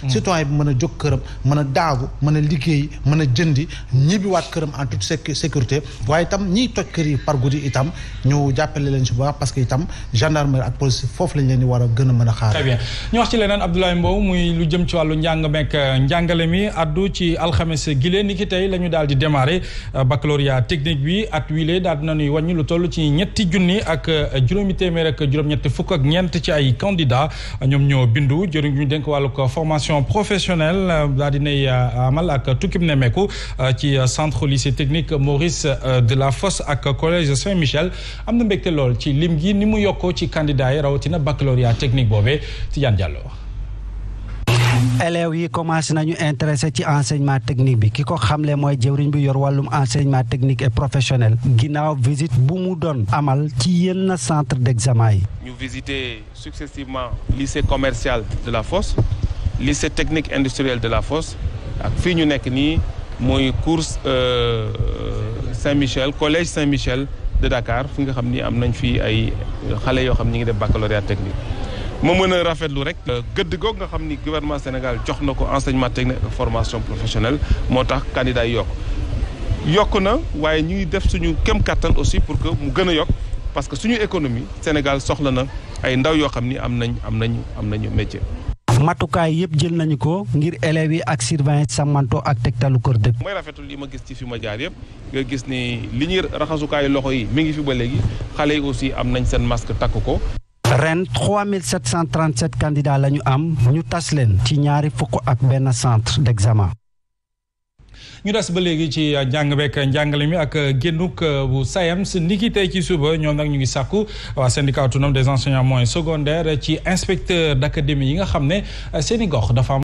Mm. citoyen bi mën a jóg këram mën a daagu mën a liggéey mën a jëndi ñibbiwaat këram en toute sécurité waaye itam ñi toj kër yi par guddi itam ñu jàppale leen si baax parce que itam gendarmerie ak police foofu lañ leen di war a gën a mën a xaar. très bien ñu wax ci leneen Abdoulaye Mbow muy lu jëm ci wàllu njàng meek euh, njàngale mi addu ci alxames gile ni ki tey la ñu daal di démarrer euh, baccalauréat technique bi at wile daal dinañuy wàññi lu toll ci ñetti junni ak euh, juróomi téeméer ak juróom fukk ak ñeent ci ay candidat ñoom ñoo bindu jëriñ ñu dénk wàllu formation professionnelle euh, daa dinay euh, amal ak tukkib nemeeku euh, ci centre lycée technique Maurice Delafosse ak collège saint am na mbégte lool ci lim gi ni mu yokkoo ci candidat yi rawatina baccalauréat technique boobee Tidiane yi commencé nañu intéressé ci enseignement technique bi ki ko xamle mooy jëwriñ bi yor wàllum enseignement technique et professionnel ginnaaw visite bu mu doon amal ci yenn centre d' examen yi. ñu visité successivement lycée commercial de la Fosse lycée technique industriel de la Fosse ak fii ñu nekk nii mooy cours euh, Saint-Michel collège Saint-Michel de Dakar fi nga xam nii am nañ fii ay xale yoo xam ni ñu ngi def baccalauréat technique. moo mën a rafetlu rek euh, gëdd goog nga xam ni guvernement Sénégal jox na ko enseignement technique ak formation professionnelle moo tax candidat yokk yokk na waaye ñuy def suñu kem kattan aussi pour que mu gën a yokk parce que suñu économie Sénégal soxla na ay ndaw yoo xam ni am nañ am nañu am nañu métier. mattukaay yëpp jël nañu ko ngir élèves yi ak surveillant sàmmantoo ak tegtalu kër dëkk. mooy rafetul li ma gis ci fi ma jaar yëpp nga gis ni li ñuy raxasukaayu loxo yi mi ngi fi ba léegi xale yi aussi am nañ seen masque takk ko. ren 3737 candidats la ñu am ñu tas leen ci ñaari fukk ak benn centre d' examen. ñu des ba léegi ci euh, njàng beek njàngale mi ak euh, génnuk euh, bu SAEMS niki tey ci suba ñoom nag ñu ngi sàkku waa syndicat autonome des enseignants moyens secondaires ci inspecteur d' académie yi nga xam ne seen i gox dafa